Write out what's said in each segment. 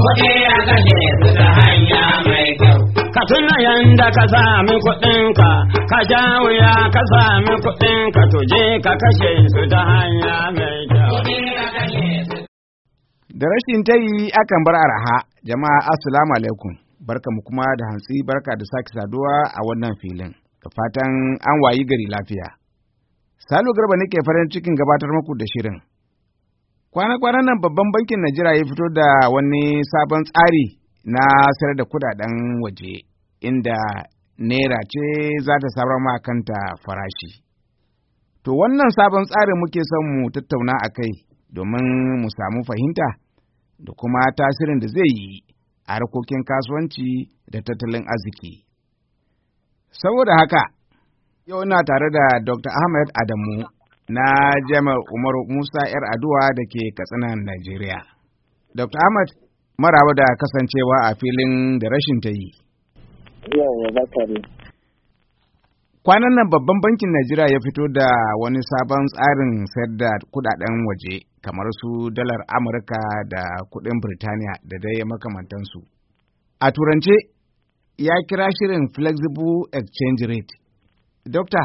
Kuɗi kashe su hanya mai kyau. Ka tuna yanda ka sami kuɗinka, ka ja wuya ka sami kuɗinka tuje ka kashe su ta hanya mai kyau. Da rashin tayi akan bar araha, jama'a assalamu alaikum. Barka mu kuma da hantsi barka da sake saduwa a wannan filin. Da fatan an wayi gari lafiya. Salu Garba nake farin cikin gabatar muku da shirin. kwana kwana nan babban bankin Najeriya ya fito da wani sabon tsari na sayar da kudaden waje inda naira ce za ta sabar ma kanta farashi. To wannan sabon tsarin muke son mu tattauna a kai domin mu samu fahimta da kuma tasirin da zai yi a harkokin kasuwanci da tattalin arziki. Saboda haka, yau ina tare da Dr. Ahmed Adamu na Jamal Umaru Musa 'yar aduwa da ke katsinan Najeriya. Dr. Ahmad maraba da kasancewa a filin da rashin ta yi. Kwanan nan babban bankin Najeriya ya fito da wani sabon tsarin sayar da kudaden waje kamar su dalar Amurka da kudin Birtaniya da dai makamantansu. A turance ya kira shirin flexible exchange rate. Dokta,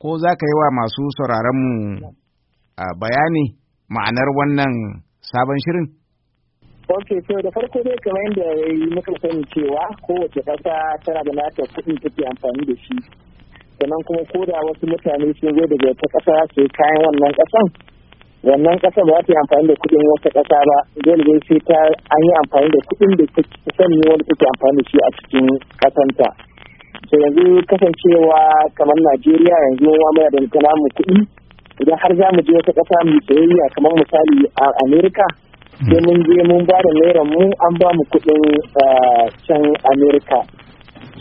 ko za ka yi wa masu sauraronmu bayani ma'anar wannan sabon shirin? ok so da farko dai kamar yadda ya yi muka sani cewa kowace ƙasa tana da nata kuɗin take amfani da shi sannan kuma ko da wasu mutane sun zo daga wata ƙasa su kayan wannan ƙasan wannan ƙasa ba za ta yi amfani da kuɗin wata ƙasa ba dole dai sai ta an yi amfani da kuɗin da ta sani wani take amfani da shi a cikin ƙasanta to yanzu kasancewa kamar najeriya yanzu mu mai da kana namu kuɗi idan har za mu je wata ƙasa mu tsayayya kamar misali a america sai mun je mun ba da naira mu an ba mu kuɗin can amerika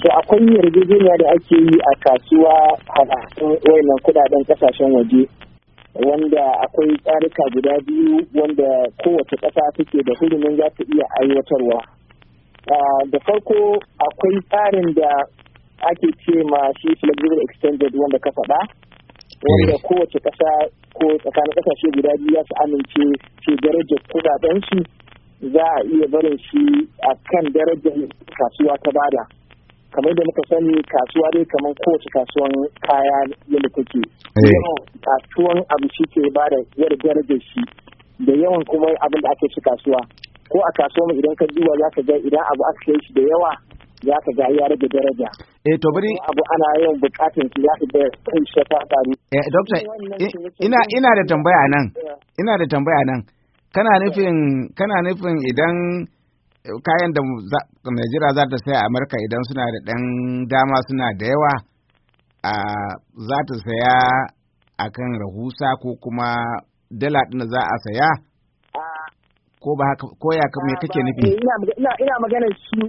to akwai yarjejeniya da ake yi a kasuwa haɗaɗin wayannan kuɗaɗen ƙasashen waje wanda akwai tsarika guda biyu wanda kowace ƙasa take da hurumin za ta iya aiwatarwa da farko akwai tsarin da ake ce ma shi flexible extended wanda ka faɗa wanda eh. kowace ƙasa ko tsakanin ƙasashe guda biyu ya su amince ce darajar shi za a iya barin shi a kan darajar kasuwa ta bada kamar da muka sani kasuwa dai kamar kowace kasuwan kaya yadda take eh. kasuwan abu shi ke bada yadda darajar shi da yawan kuma abin da ake shi kasuwa ko a kasuwa idan ka duba za ka ga idan abu aka kai shi da yawa za ka ga ya rage daraja eh to bari abu ana yin bukatun ki ya da kan shata tare eh doctor ina ina da tambaya nan ina da tambaya nan kana nufin kana nufin idan kayan da Najeriya za ta sai a Amurka idan suna da dan dama suna da yawa a za ta saya akan rahusa ko kuma dala din za a saya ah. ko ba ko ya ah, kake nufi ina ina magana shi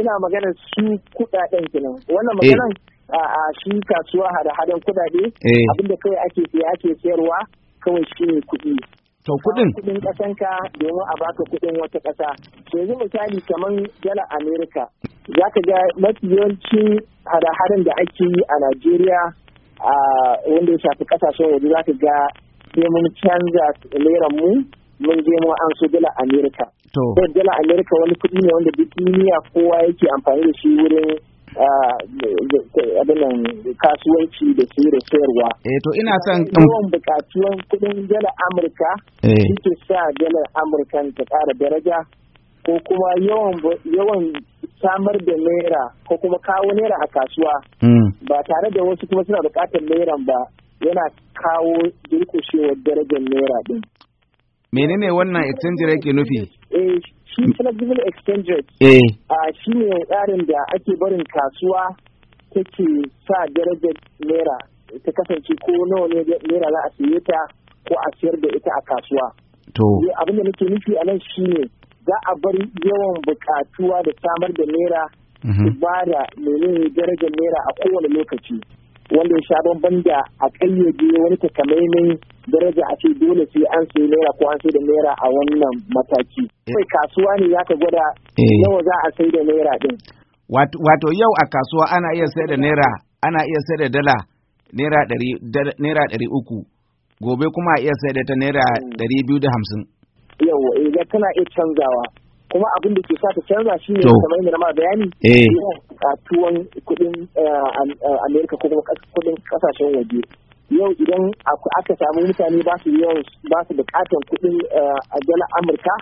ina magana su kuɗaɗen kenan wannan eh. maganan a shi kasuwa hada-hadan kuɗaɗe eh. abinda kawai ake siya ake sayarwa kawai shi ne kuɗi to kuɗin kasan ka domin a baka kuɗin wata ƙasa yanzu misali kamar jala amerika za ka ga mafi yawanci hada-hadan da ake yi a najeriya wanda ya shafi ƙasashen waje za ka ga sai mun canza mu mun je mu an so dala amerika to dala amerika wani kuɗi ne wanda duk duniya kowa yake amfani da shi wurin ah, abinan kasuwanci da su da sayarwa eh to ina son yawan buƙatuwan kuɗin dala amurka shi eh. ke sa dala Amerika ta ƙara daraja ko kuma yawan samar da naira ko kuma kawo naira a kasuwa hmm. ba tare da wasu kuma suna buƙatar naira ba yana kawo durkushewar darajar naira ɗin. menene wannan exchange rate ke nufi eh shi flexible exchange rate eh a shi tsarin da ake barin kasuwa take sa darajar naira ta kasance ko nawa ne naira za a siye ta ko a siyar da ita a kasuwa to eh, abin da nake nufi a nan shine za a bar yawan bukatuwa da samar da naira mhm. ba da menene darajar naira a kowane lokaci wanda ya sha banban da a kayyade wani takamaiman daraja a ce dole sai an sai naira ko an sai da naira a wannan mataki eh. kai kasuwa ne ya ka gwada yau eh. za a sai da naira din wato yau a kasuwa ana iya sai da naira ana iya sai da dala naira ɗari uku gobe kuma a iya sai da ta naira ɗari biyu da hamsin Yau eh, idan kana iya canzawa kuma abin da ke sa ta canza shi ne kamar yadda na bayani a tuwon kudin amerika ko kuma kudin kasashen waje yau idan aka samu mutane ba su yawan ba su bukatan kuɗin eh, a jala amurka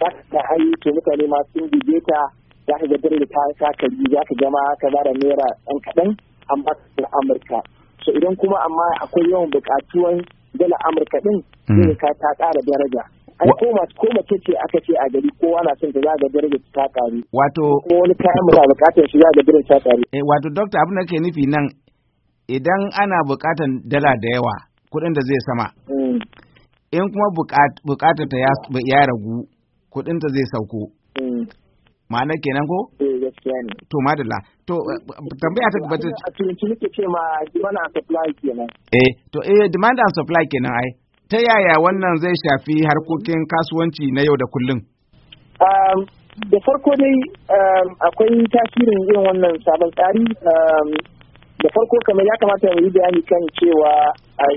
ba ta ai to mutane masu sun ta za ka ga da ta ta za ka gama ka ba da naira ɗan kaɗan an ba ta amurka so idan kuma amma akwai yawan bukatuwan jala amurka ɗin zai hmm. ka ta ƙara daraja ai ko mace ce aka ce a gari kowa na son ta za ga daraja ta ƙaru wato ko wani kayan mu na bukatan shi za ga daraja ta ƙaru eh, wato dokta abin da ke nufi nan idan ana buƙatar dala da yawa kuɗin da zai sama mm. in kuma buƙatar ta ya ragu kuɗin ta zai sauko mm. ma'ana kenan ko? Eh, to madalla to eh, tambaya ta gaba a turanci nake ce ma demand and supply kenan eh to eh demand and supply kenan ai ta yaya wannan zai shafi harkokin kasuwanci na yau da kullum um, da farko dai um, akwai tasirin irin wannan sabon tsari um, da farko kamar ya kamata mu yi bayani kan cewa eh,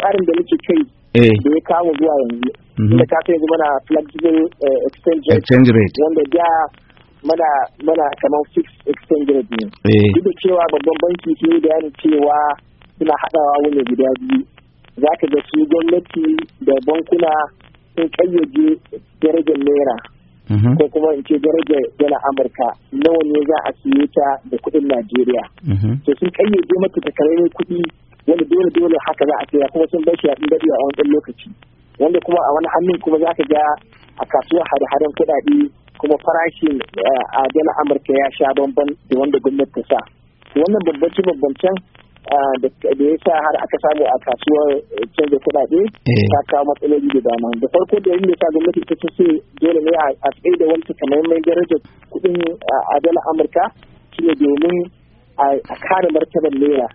tsarin da muke kai eh. da ya kawo zuwa yanzu mhm. da ka kai mana flexible eh, exchange rate wanda da mana mana kamar fixed exchange rate ne duk da cewa babban banki sun yi bayani cewa suna haɗawa wani guda biyu za ka ga su gwamnati da bankuna sun kayyade darajar naira Mhm. ko kuma in ce darajar yana amurka nawa ne za a siye ta da kuɗin najeriya mhm. to sun kayyade mata karami kuɗi wani dole dole haka za a siya kuma sun bar a a daɗewa a wani lokaci wanda kuma a wani hannun kuma za ka ga a kasuwar hada-hadan kuɗaɗe kuma farashin eh, a dala amurka ya sha bamban da wanda gwamnati ta sa wannan bambance-bambancen Ah, da ya sa har aka samu a kasuwar eh, canza kudade. Eh. ta kawo matsaloli da dama da farko da yin da sa gwamnati ta ce dole ne a tsaye da wani mai darajar kuɗin ah, a dala amurka shine domin a kare martabar naira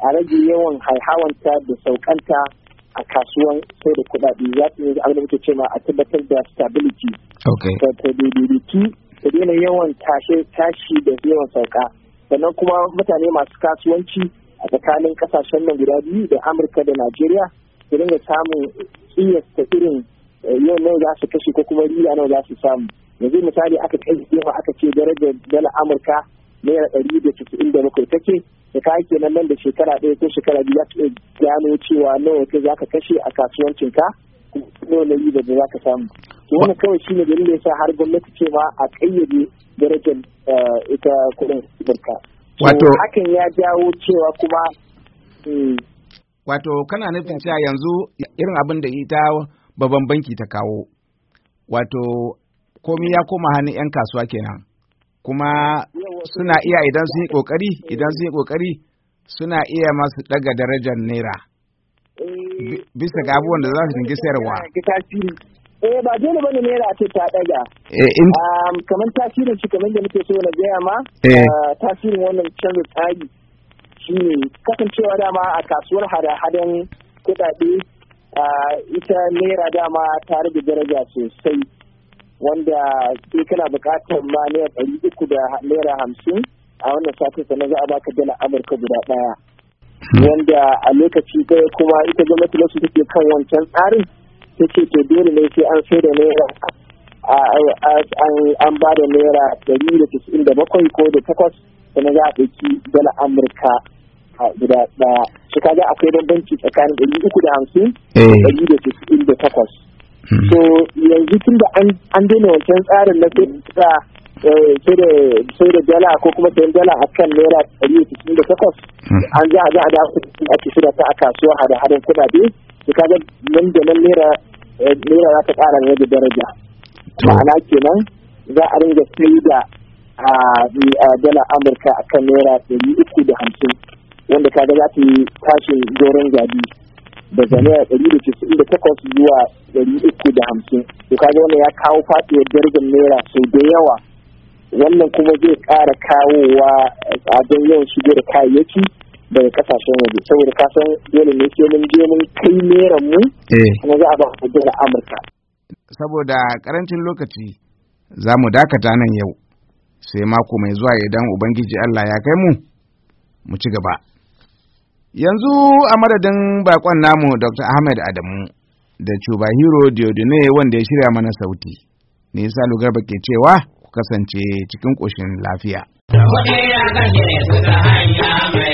a rage yawan haihawanta da saukanta a kasuwan sai da kudade za su yi abin da muke cewa a tabbatar da stability da ta daidaiti da daina yawan tashi da yawan sauka sannan kuma mutane masu kasuwanci a tsakanin kasashen nan guda biyu da amurka da najeriya su dinga samun kiyasta irin eh, yau nawa za su kashe ko kuma riya nawa za su samu yanzu misali aka kai yawa aka ce darajar dala amurka naira ɗari da casa'in da bakwai take da ka ake nan nan da shekara ɗaya ko shekara biyu za ka gano cewa nawa kai za ka kashe a kasuwancinka nawa na riba da za ka samu wannan kawai shi ne dalilin sa har gwamnati cewa a ƙayyade darajar eh, ita kuɗin amurka wato hakan ya jawo cewa kuma hmm. wato kana nufin cewa yanzu irin abin da ita babban banki ta kawo wato komi ya koma hannun 'yan kasuwa kenan kuma suna iya idan sun yi kokari idan sun yi kokari suna iya masu daga darajar naira eh, bisa ga abubuwan da za su dinga sayarwa eh ba dole bane naira ce ta daga eh, kamar tasirin shi kamar da muke so na gaya ma eh. ah, tasirin wannan canza tsari shine kasancewa dama a kasuwar hada-hadan a ah, ita naira dama tare da daraja sosai wanda ke kana buƙatar ma naira ɗari uku da naira hamsin a wannan satin sannan za a baka dala amurka guda ɗaya hmm. wanda a lokaci ɗaya kuma ita gwamnati nasu take kan wancan tsarin ya ce to dole ne sai an sai da naira an ba da naira ɗari da tisa'in da bakwai ko da takwas sannan za a ɗauki dala amurka guda ɗaya shi kaga akwai bambanci tsakanin ɗari uku da hamsin da eh. ɗari da tisa'in da takwas hmm. so yanzu tun da an daina wancan tsarin na sai da eh, dala ko kuma sai dala a kan naira ɗari da tisa'in da takwas hmm. an za a za a da ake da ta a kasuwa hada-hadan kuɗaɗe to kaga nan da nan naira eh, naira za ta ƙara rage daraja ma'ana kenan za a ringa sai da a dala amurka akan naira ɗari uku da hamsin wanda kaga za ta yi tashin doron gadi daga naira ɗari da casa'in da takwas zuwa ɗari uku da hamsin to kaga wannan ya kawo faɗuwar darajar naira sau da yawa wannan kuma zai ƙara kawowa eh, tsadar yawan shigar da kayayyaki daga kasashen waje saboda kasan dole ne ke mun je mun kai mera mu eh. kuma za a ba hujjar Amurka saboda karancin lokaci za mu dakata nan yau sai mako mai zuwa idan ubangiji Allah ya kai mu mu ci gaba yanzu a madadin bakon namu Dr. Ahmed Adamu da hero Diodune wanda ya shirya mana sauti ne sa lugarba ke cewa ku kasance cikin koshin lafiya. Da kuɗi ya kashe su ta hanya mai